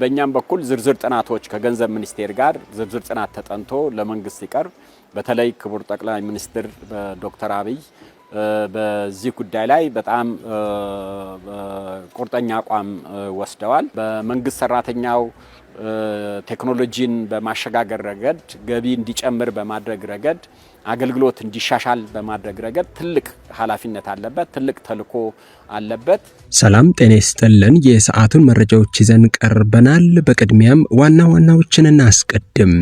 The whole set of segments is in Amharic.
በእኛም በኩል ዝርዝር ጥናቶች ከገንዘብ ሚኒስቴር ጋር ዝርዝር ጥናት ተጠንቶ ለመንግስት ሲቀርብ በተለይ ክቡር ጠቅላይ ሚኒስትር ዶክተር አብይ በዚህ ጉዳይ ላይ በጣም ቁርጠኛ አቋም ወስደዋል። በመንግስት ሰራተኛው ቴክኖሎጂን በማሸጋገር ረገድ፣ ገቢ እንዲጨምር በማድረግ ረገድ፣ አገልግሎት እንዲሻሻል በማድረግ ረገድ ትልቅ ኃላፊነት አለበት፣ ትልቅ ተልዕኮ አለበት። ሰላም ጤና ይስጥልን። የሰዓቱን መረጃዎች ይዘን ቀርበናል። በቅድሚያም ዋና ዋናዎችን እናስቀድም።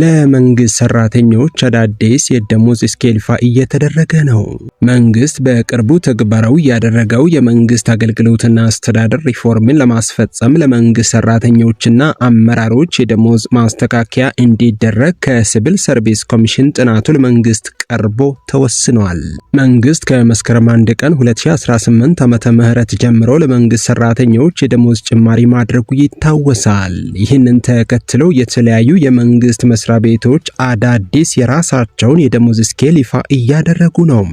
ለመንግስት ሰራተኞች አዳዲስ የደሞዝ እስኬልፋ እየተደረገ ነው። መንግስት በቅርቡ ተግባራዊ ያደረገው የመንግስት አገልግሎትና አስተዳደር ሪፎርምን ለማስፈጸም ለመንግስት ሰራተኞችና አመራሮች የደሞዝ ማስተካከያ እንዲደረግ ከሲቪል ሰርቪስ ኮሚሽን ጥናቱ ለመንግስት ቀርቦ ተወስኗል። መንግስት ከመስከረም 1 ቀን 2018 ዓመተ ምህረት ጀምሮ ለመንግስት ሰራተኞች የደሞዝ ጭማሪ ማድረጉ ይታወሳል። ይህንን ተከትሎ የተለያዩ የመንግስት መስሪያ ቤቶች አዳዲስ የራሳቸውን የደሞዝ ስኬል ይፋ እያደረጉ ነው።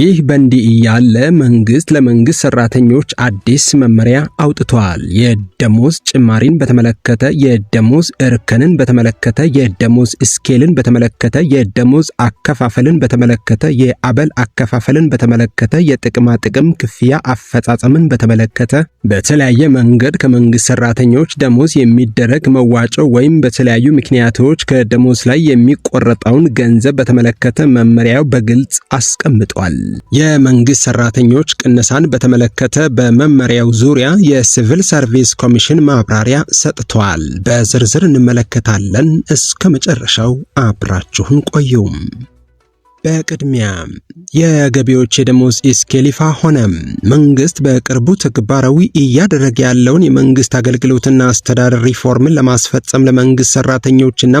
ይህ በእንዲህ እያለ መንግስት ለመንግስት ሰራተኞች አዲስ መመሪያ አውጥቷል። የደሞዝ ጭማሪን በተመለከተ፣ የደሞዝ እርከንን በተመለከተ፣ የደሞዝ ስኬልን በተመለከተ፣ የደሞዝ አከፋፈልን በተመለከተ፣ የአበል አከፋፈልን በተመለከተ፣ የጥቅማ ጥቅም ክፍያ አፈ አፈጻጸምን በተመለከተ በተለያየ መንገድ ከመንግስት ሰራተኞች ደሞዝ የሚደረግ መዋጮ ወይም በተለያዩ ምክንያቶች ከደሞዝ ላይ የሚቆረጠውን ገንዘብ በተመለከተ መመሪያው በግልጽ አስቀምጧል። የመንግስት ሰራተኞች ቅነሳን በተመለከተ በመመሪያው ዙሪያ የሲቪል ሰርቪስ ኮሚሽን ማብራሪያ ሰጥቷል። በዝርዝር እንመለከታለን። እስከ መጨረሻው አብራችሁን ቆዩም። በቅድሚያ የገቢዎች የደሞዝ ኢስኬሊፋ ሆነ። መንግስት በቅርቡ ተግባራዊ እያደረገ ያለውን የመንግስት አገልግሎትና አስተዳደር ሪፎርምን ለማስፈጸም ለመንግስት ሰራተኞችና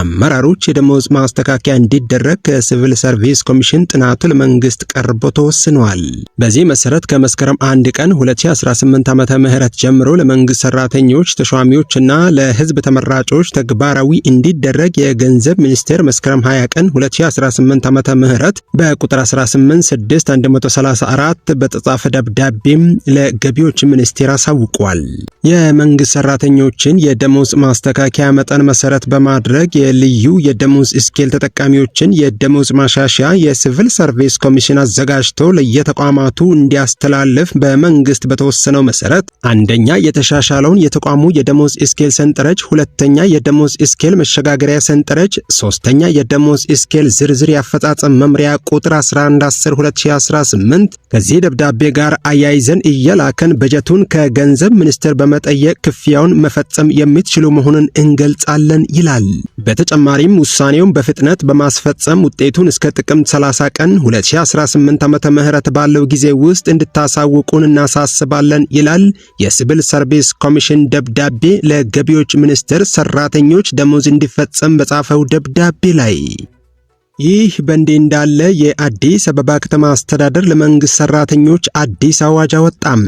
አመራሮች የደሞዝ ማስተካከያ እንዲደረግ ከሲቪል ሰርቪስ ኮሚሽን ጥናቱ ለመንግስት ቀርቦ ተወስኗል። በዚህ መሰረት ከመስከረም 1 ቀን 2018 ዓመተ ምህረት ጀምሮ ለመንግስት ሰራተኞች ተሿሚዎችና ለህዝብ ተመራጮች ተግባራዊ እንዲደረግ የገንዘብ ሚኒስቴር መስከረም 20 ቀን 2018 ዓ ዓመተ ምህረት በቁጥር 134 በተጻፈ ደብዳቤም ለገቢዎች ሚኒስቴር አሳውቋል። የመንግሥት ሠራተኞችን የደሞዝ ማስተካከያ መጠን መሠረት በማድረግ የልዩ የደሞዝ ስኬል ተጠቃሚዎችን የደሞዝ ማሻሻያ የሲቪል ሰርቪስ ኮሚሽን አዘጋጅቶ ለየተቋማቱ እንዲያስተላልፍ በመንግሥት በተወሰነው መሠረት አንደኛ የተሻሻለውን የተቋሙ የደሞዝ ስኬል ሰንጠረዥ፣ ሁለተኛ የደሞዝ ስኬል መሸጋገሪያ ሰንጠረዥ፣ ሶስተኛ የደሞዝ ስኬል ዝርዝር ያፈጻ አፈጻጸም መምሪያ ቁጥር 10 2018 ከዚህ ደብዳቤ ጋር አያይዘን እየላከን በጀቱን ከገንዘብ ሚኒስቴር በመጠየቅ ክፍያውን መፈጸም የምትችሉ መሆኑን እንገልጻለን ይላል። በተጨማሪም ውሳኔውን በፍጥነት በማስፈጸም ውጤቱን እስከ ጥቅምት 30 ቀን 2018 ዓመተ ምህረት ባለው ጊዜ ውስጥ እንድታሳውቁን እናሳስባለን ይላል የሲቪል ሰርቪስ ኮሚሽን ደብዳቤ ለገቢዎች ሚኒስቴር ሰራተኞች ደሞዝ እንዲፈጸም በጻፈው ደብዳቤ ላይ ይህ በእንዲህ እንዳለ የአዲስ አበባ ከተማ አስተዳደር ለመንግስት ሰራተኞች አዲስ አዋጅ አወጣም።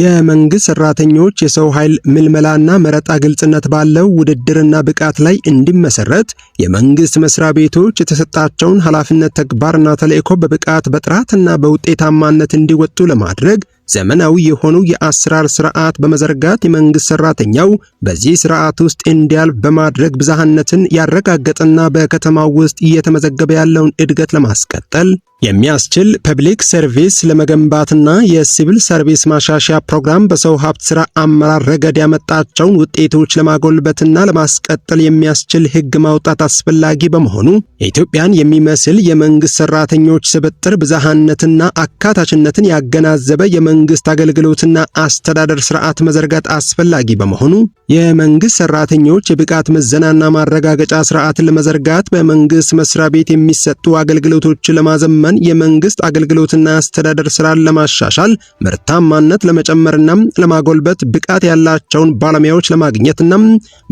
የመንግስት ሰራተኞች የሰው ኃይል ምልመላና መረጣ ግልጽነት ባለው ውድድርና ብቃት ላይ እንዲመሰረት የመንግስት መስሪያ ቤቶች የተሰጣቸውን ኃላፊነት፣ ተግባርና ተልእኮ በብቃት በጥራትና በውጤታማነት እንዲወጡ ለማድረግ ዘመናዊ የሆኑ የአሰራር ስርዓት በመዘርጋት የመንግስት ሰራተኛው በዚህ ስርዓት ውስጥ እንዲያልፍ በማድረግ ብዝሃነትን ያረጋገጠና በከተማው ውስጥ እየተመዘገበ ያለውን እድገት ለማስቀጠል የሚያስችል ፐብሊክ ሰርቪስ ለመገንባትና የሲቪል ሰርቪስ ማሻሻያ ፕሮግራም በሰው ሀብት ስራ አመራር ረገድ ያመጣቸውን ውጤቶች ለማጎልበትና ለማስቀጠል የሚያስችል ሕግ ማውጣት አስፈላጊ በመሆኑ ኢትዮጵያን የሚመስል የመንግስት ሰራተኞች ስብጥር ብዝሃነትና አካታችነትን ያገናዘበ የመንግስት አገልግሎትና አስተዳደር ስርዓት መዘርጋት አስፈላጊ በመሆኑ የመንግስት ሰራተኞች የብቃት ምዘናና ማረጋገጫ ስርዓትን ለመዘርጋት በመንግስት መስሪያ ቤት የሚሰጡ አገልግሎቶችን ለማዘመ ዘመን የመንግስት አገልግሎትና አስተዳደር ስራን ለማሻሻል ምርታማነት ለመጨመርና ለማጎልበት ብቃት ያላቸውን ባለሙያዎች ለማግኘትና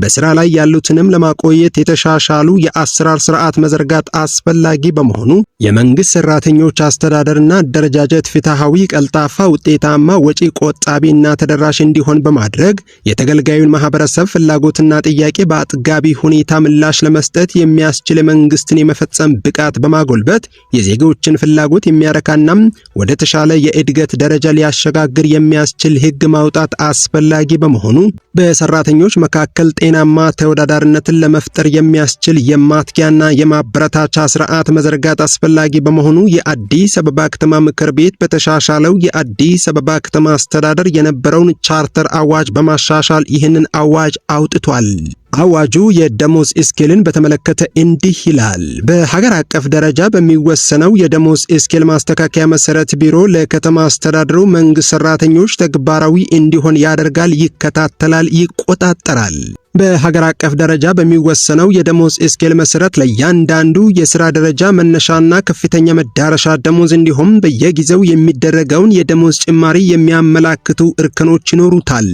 በስራ ላይ ያሉትንም ለማቆየት የተሻሻሉ የአሰራር ስርዓት መዘርጋት አስፈላጊ በመሆኑ የመንግስት ሰራተኞች አስተዳደርና አደረጃጀት ፍትሃዊ፣ ቀልጣፋ፣ ውጤታማ፣ ወጪ ቆጣቢና ተደራሽ እንዲሆን በማድረግ የተገልጋዩን ማህበረሰብ ፍላጎትና ጥያቄ በአጥጋቢ ሁኔታ ምላሽ ለመስጠት የሚያስችል መንግስትን የመፈጸም ብቃት በማጎልበት የዜጎች የዜጎችን ፍላጎት የሚያረካና ወደ ተሻለ የእድገት ደረጃ ሊያሸጋግር የሚያስችል ህግ ማውጣት አስፈላጊ በመሆኑ በሰራተኞች መካከል ጤናማ ተወዳዳሪነትን ለመፍጠር የሚያስችል የማትጊያና የማበረታቻ ስርዓት መዘርጋት አስፈላጊ በመሆኑ የአዲስ አበባ ከተማ ምክር ቤት በተሻሻለው የአዲስ አበባ ከተማ አስተዳደር የነበረውን ቻርተር አዋጅ በማሻሻል ይህንን አዋጅ አውጥቷል። አዋጁ የደሞዝ ስኬልን በተመለከተ እንዲህ ይላል። በሀገር አቀፍ ደረጃ በሚወሰነው የደሞዝ ስኬል ማስተካከያ መሰረት ቢሮ ለከተማ አስተዳደሩ መንግስት ሰራተኞች ተግባራዊ እንዲሆን ያደርጋል፣ ይከታተላል፣ ይቆጣጠራል። በሀገር አቀፍ ደረጃ በሚወሰነው የደሞዝ ስኬል መሰረት ለእያንዳንዱ የስራ ደረጃ መነሻና ከፍተኛ መዳረሻ ደሞዝ እንዲሁም በየጊዜው የሚደረገውን የደሞዝ ጭማሪ የሚያመላክቱ እርከኖች ይኖሩታል።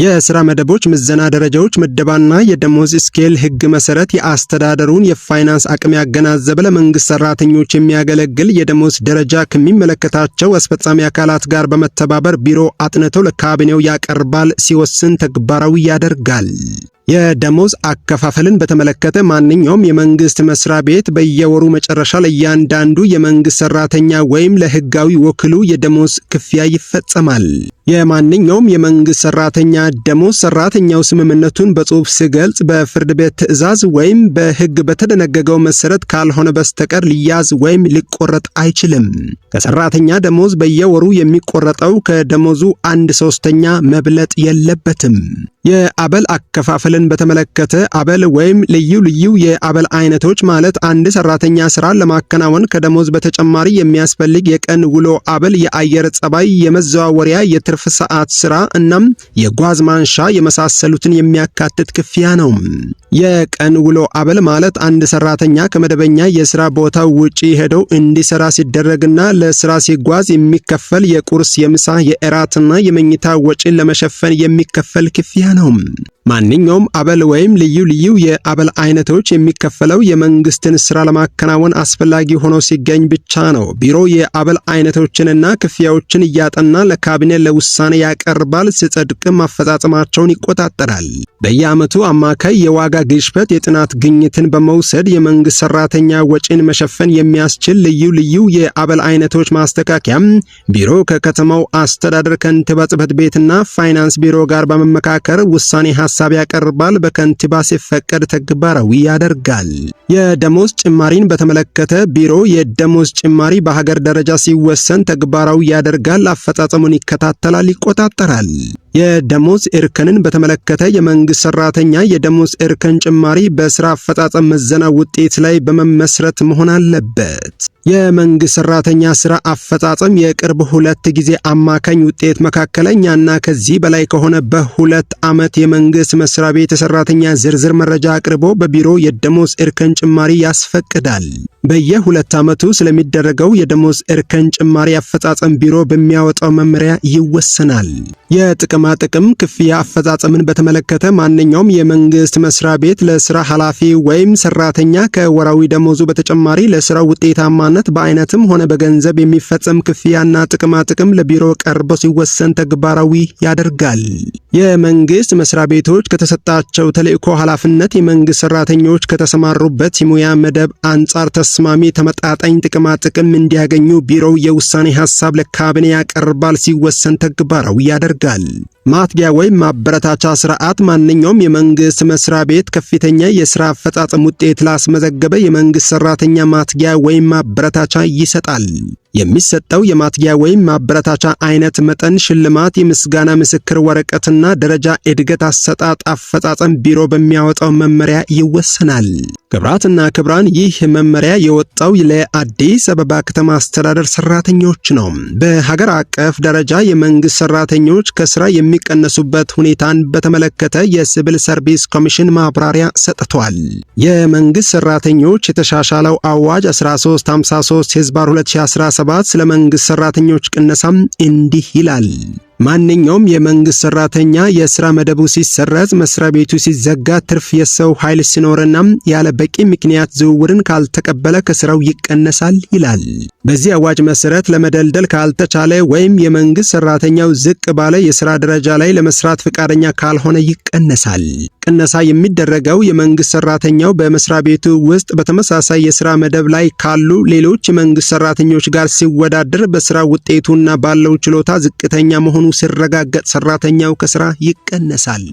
የስራ መደቦች ምዘና ደረጃዎች ምደባና የደሞዝ ስኬል ህግ መሰረት የአስተዳደሩን የፋይናንስ አቅም ያገናዘበ ለመንግስት ሰራተኞች የሚያገለግል የደሞዝ ደረጃ ከሚመለከታቸው አስፈጻሚ አካላት ጋር በመተባበር ቢሮ አጥንተው ለካቢኔው ያቀርባል፣ ሲወስን ተግባራዊ ያደርጋል። የደሞዝ አከፋፈልን በተመለከተ ማንኛውም የመንግስት መስሪያ ቤት በየወሩ መጨረሻ ለእያንዳንዱ የመንግስት ሰራተኛ ወይም ለህጋዊ ወክሉ የደሞዝ ክፍያ ይፈጸማል። የማንኛውም የመንግስት ሰራተኛ ደሞዝ ሰራተኛው ስምምነቱን በጽሁፍ ሲገልጽ በፍርድ ቤት ትዕዛዝ ወይም በህግ በተደነገገው መሰረት ካልሆነ በስተቀር ሊያዝ ወይም ሊቆረጥ አይችልም። ከሰራተኛ ደሞዝ በየወሩ የሚቆረጠው ከደሞዙ አንድ ሶስተኛ መብለጥ የለበትም። የአበል አከፋፈል አበልን በተመለከተ አበል ወይም ልዩ ልዩ የአበል አይነቶች ማለት አንድ ሰራተኛ ስራ ለማከናወን ከደሞዝ በተጨማሪ የሚያስፈልግ የቀን ውሎ አበል፣ የአየር ጸባይ፣ የመዘዋወሪያ፣ የትርፍ ሰዓት ስራ እናም የጓዝ ማንሻ የመሳሰሉትን የሚያካትት ክፍያ ነው። የቀን ውሎ አበል ማለት አንድ ሰራተኛ ከመደበኛ የስራ ቦታው ውጪ ሄደው እንዲሰራ ሲደረግና ለስራ ሲጓዝ የሚከፈል የቁርስ፣ የምሳ፣ የእራትና የመኝታ ወጪን ለመሸፈን የሚከፈል ክፍያ ነው። ማንኛውም አበል ወይም ልዩ ልዩ የአበል አይነቶች የሚከፈለው የመንግስትን ስራ ለማከናወን አስፈላጊ ሆኖ ሲገኝ ብቻ ነው። ቢሮ የአበል አይነቶችንና ክፍያዎችን እያጠና ለካቢኔ ለውሳኔ ያቀርባል፣ ሲጸድቅም አፈጻጸማቸውን ይቆጣጠራል። በየዓመቱ አማካይ የዋጋ ግሽበት የጥናት ግኝትን በመውሰድ የመንግሥት ሠራተኛ ወጪን መሸፈን የሚያስችል ልዩ ልዩ የአበል አይነቶች ማስተካከያም ቢሮ ከከተማው አስተዳደር ከንቲባ ጽሕፈት ቤትና ፋይናንስ ቢሮ ጋር በመመካከር ውሳኔ ሐሳብ ያቀርባል፣ በከንቲባ ሲፈቀድ ተግባራዊ ያደርጋል። የደሞዝ ጭማሪን በተመለከተ ቢሮ የደሞዝ ጭማሪ በሀገር ደረጃ ሲወሰን ተግባራዊ ያደርጋል፣ አፈጻጸሙን ይከታተላል፣ ይቆጣጠራል። የደሞዝ እርከንን በተመለከተ የመንግስት ሰራተኛ የደሞዝ እርከን ጭማሪ በስራ አፈጻጸም ምዘና ውጤት ላይ በመመስረት መሆን አለበት። የመንግስት ሰራተኛ ስራ አፈጻጸም የቅርብ ሁለት ጊዜ አማካኝ ውጤት መካከለኛና ከዚህ በላይ ከሆነ በሁለት ዓመት የመንግስት መስሪያ ቤት ሰራተኛ ዝርዝር መረጃ አቅርቦ በቢሮ የደሞዝ እርከን ጭማሪ ያስፈቅዳል። በየሁለት ዓመቱ ስለሚደረገው የደሞዝ እርከን ጭማሪ አፈጻጸም ቢሮ በሚያወጣው መመሪያ ይወሰናል። የጥቅማ ጥቅም ክፍያ አፈጻጸምን በተመለከተ ማንኛውም የመንግስት መስሪያ ቤት ለስራ ኃላፊ ወይም ሰራተኛ ከወራዊ ደሞዙ በተጨማሪ ለስራው ውጤታማ ነፃነት በአይነትም ሆነ በገንዘብ የሚፈጸም ክፍያና ጥቅማ ጥቅም ለቢሮ ቀርቦ ሲወሰን ተግባራዊ ያደርጋል። የመንግስት መስሪያ ቤቶች ከተሰጣቸው ተልእኮ ኃላፊነት የመንግስት ሰራተኞች ከተሰማሩበት የሙያ መደብ አንጻር ተስማሚ ተመጣጣኝ ጥቅማ ጥቅም እንዲያገኙ ቢሮው የውሳኔ ሀሳብ ለካቢኔ ያቀርባል፣ ሲወሰን ተግባራዊ ያደርጋል። ማትጊያ ወይም ማበረታቻ ስርዓት ማንኛውም የመንግስት መስሪያ ቤት ከፍተኛ የስራ አፈጻጸም ውጤት ላስመዘገበ የመንግስት ሰራተኛ ማትጊያ ወይም ማበረታቻ ይሰጣል። የሚሰጠው የማትጊያ ወይም ማበረታቻ አይነት መጠን፣ ሽልማት፣ የምስጋና ምስክር ወረቀትና ደረጃ እድገት አሰጣጥ አፈጻጸም ቢሮ በሚያወጣው መመሪያ ይወሰናል። ክብራትና ክብራን ይህ መመሪያ የወጣው ለአዲስ አበባ ከተማ አስተዳደር ሰራተኞች ነው። በሀገር አቀፍ ደረጃ የመንግስት ሰራተኞች ከስራ የሚቀነሱበት ሁኔታን በተመለከተ የሲቪል ሰርቪስ ኮሚሽን ማብራሪያ ሰጥቷል። የመንግስት ሰራተኞች የተሻሻለው አዋጅ 1353 ህዝባር 2017 ሰባት ስለ መንግሥት ሠራተኞች ቅነሳም እንዲህ ይላል። ማንኛውም የመንግሥት ሠራተኛ የሥራ መደቡ ሲሰረዝ፣ መሥሪያ ቤቱ ሲዘጋ፣ ትርፍ የሰው ኃይል ሲኖርና ያለ በቂ ምክንያት ዝውውርን ካልተቀበለ ከሥራው ይቀነሳል ይላል። በዚህ አዋጅ መሠረት ለመደልደል ካልተቻለ ወይም የመንግሥት ሠራተኛው ዝቅ ባለ የሥራ ደረጃ ላይ ለመሥራት ፈቃደኛ ካልሆነ ይቀነሳል። ቅነሳ የሚደረገው የመንግስት ሰራተኛው በመስሪያ ቤቱ ውስጥ በተመሳሳይ የስራ መደብ ላይ ካሉ ሌሎች የመንግስት ሰራተኞች ጋር ሲወዳደር በስራ ውጤቱና ባለው ችሎታ ዝቅተኛ መሆኑ ሲረጋገጥ ሰራተኛው ከስራ ይቀነሳል።